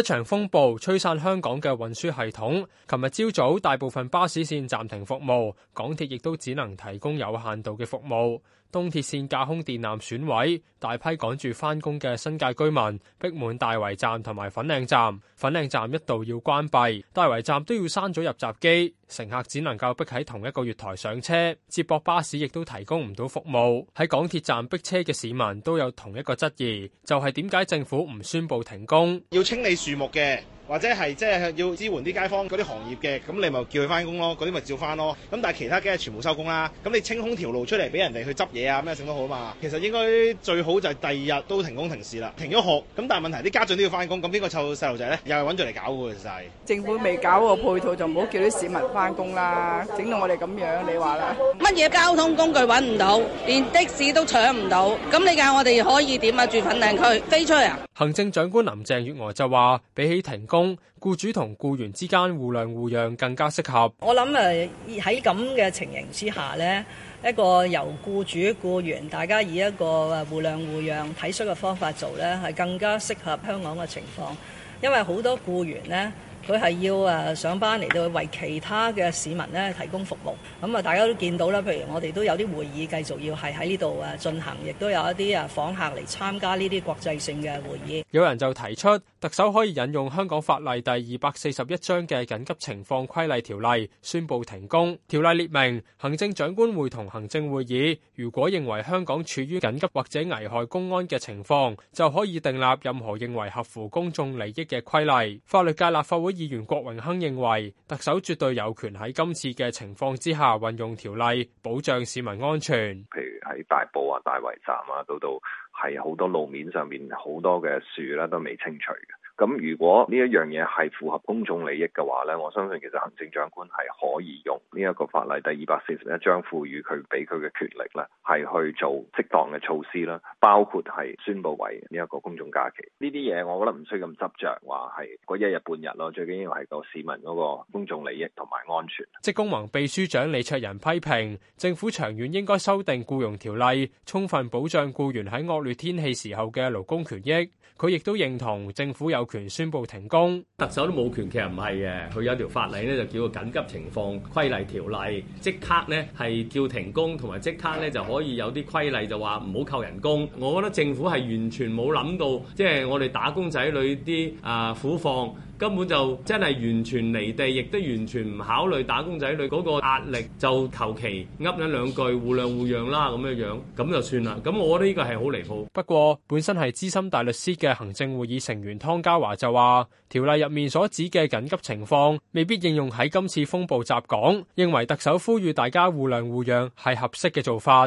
一場風暴吹散香港嘅運輸系統。琴日朝早，大部分巴士綫暫停服務，港鐵亦都只能提供有限度嘅服務。東鐵綫架空電纜損毀，大批趕住返工嘅新界居民逼滿大圍站同埋粉嶺站，粉嶺站一度要關閉，大圍站都要閂咗入閘機，乘客只能夠逼喺同一個月台上車，接駁巴士亦都提供唔到服務。喺港鐵站逼車嘅市民都有同一個質疑，就係點解政府唔宣佈停工？要清理樹木嘅。或者係即係要支援啲街坊嗰啲行業嘅，咁你咪叫佢翻工咯，嗰啲咪照翻咯。咁但係其他嘅全部收工啦。咁你清空條路出嚟俾人哋去執嘢啊，咩都整得好啊嘛。其實應該最好就係第二日都停工停市啦，停咗學。咁但係問題啲家長都要翻工，咁邊個湊細路仔咧？又係揾住嚟搞㗎，其實係。政府未搞個配套，就唔好叫啲市民翻工啦。整到我哋咁樣，你話啦。乜嘢交通工具揾唔到，連的士都搶唔到。咁你教我哋可以點啊？住粉嶺區飛出去啊？行政長官林鄭月娥就話：比起停工，僱主同僱員之間互諒互讓更加適合。我諗誒喺咁嘅情形之下呢，一個由僱主、僱員，大家以一個互諒互讓、體恤嘅方法做呢，係更加適合香港嘅情況。因為好多僱員呢，佢係要誒上班嚟到為其他嘅市民呢提供服務。咁、嗯、啊，大家都見到啦，譬如我哋都有啲會議繼續要係喺呢度誒進行，亦都有一啲啊訪客嚟參加呢啲國際性嘅會議。有人就提出。特首可以引用香港法例第二百四十一章嘅緊急情況規例條例，宣布停工。條例列明，行政長官會同行政會議如果認為香港處於緊急或者危害公安嘅情況，就可以訂立任何認為合乎公眾利益嘅規例。法律界立法會議員郭榮鏗認為，特首絕對有權喺今次嘅情況之下運用條例保障市民安全。譬如喺大埔啊、大圍站啊，到到。係好多路面上面好多嘅樹咧，都未清除嘅。咁如果呢一樣嘢係符合公眾利益嘅話呢，我相信其實行政長官係可以用呢一個法例第二百四十一章賦予佢俾佢嘅權力呢，係去做適當嘅措施啦，包括係宣布為呢一個公眾假期。呢啲嘢我覺得唔需要咁執着話係嗰一日半日咯，最緊要係個市民嗰個公眾利益同埋安全。職工盟秘書長李卓人批評政府長遠應該修訂僱傭條例，充分保障僱員喺惡劣天氣時候嘅勞工權益。佢亦都認同政府有權宣布停工，特首都冇權，其實唔係嘅，佢有條法例咧就叫緊急情況規例條例，即刻咧係叫停工，同埋即刻咧就可以有啲規例就話唔好扣人工。我覺得政府係完全冇諗到，即係我哋打工仔女啲啊苦況。根本就真係完全離地，亦都完全唔考慮打工仔女嗰個壓力，就求其噏兩兩句互諒互讓啦，咁樣樣咁就算啦。咁我覺得呢個係好離譜。不過，本身係資深大律師嘅行政會議成員湯家驊就話：條例入面所指嘅緊急情況未必應用喺今次風暴襲港，認為特首呼籲大家互諒互讓係合適嘅做法。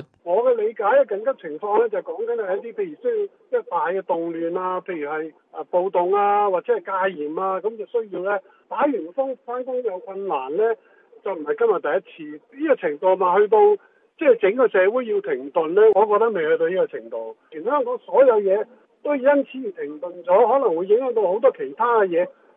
解嘅緊急情況咧，就講緊係一啲譬如需要一啲大嘅動亂啊，譬如係啊暴動啊，或者係戒嚴啊，咁就需要咧。打完風、返工有困難咧，就唔係今日第一次。呢、呢個程度嘛，去到即係、就是、整個社會要停頓咧，我覺得未去到呢個程度。全香港所有嘢都因此而停頓咗，可能會影響到好多其他嘅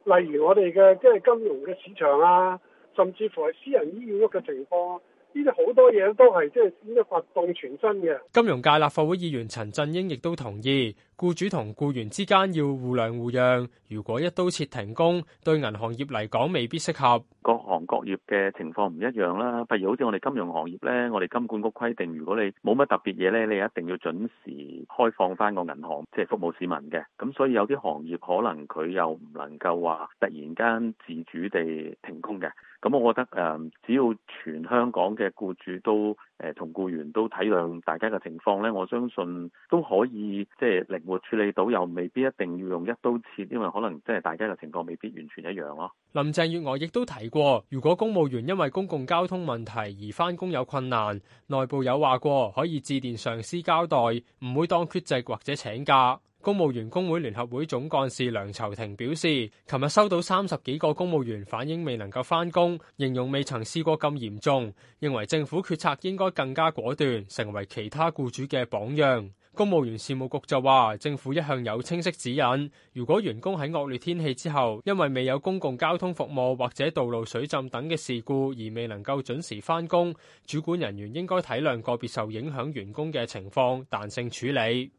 嘢，例如我哋嘅即係金融嘅市場啊，甚至乎係私人醫院屋嘅情況。呢啲好多嘢都係即係牽一髮動全身嘅。金融界立法會議員陳振英亦都同意，僱主同僱員之間要互諒互讓。如果一刀切停工，對銀行業嚟講未必適合。各行各業嘅情況唔一樣啦。譬如好似我哋金融行業咧，我哋金管局規定，如果你冇乜特別嘢咧，你一定要準時開放翻個銀行，即係服務市民嘅。咁所以有啲行業可能佢又唔能夠話突然間自主地停工嘅。咁我覺得誒，只要全香港嘅嘅僱主都誒同僱員都體諒大家嘅情況咧，我相信都可以即係靈活處理到，又未必一定要用一刀切，因為可能即係大家嘅情況未必完全一樣咯。林鄭月娥亦都提過，如果公務員因為公共交通問題而返工有困難，內部有話過可以致電上司交代，唔會當缺席或者請假。公務員工會聯合會總幹事梁籌庭表示，琴日收到三十幾個公務員反映未能夠翻工，形容未曾試過咁嚴重，認為政府決策應該更加果斷，成為其他僱主嘅榜樣。公務員事務局就話，政府一向有清晰指引如果員工喺惡劣天氣之後，因為未有公共交通服務或者道路水浸等嘅事故而未能夠準時翻工，主管人員應該體諒個別受影響員工嘅情況，彈性處理。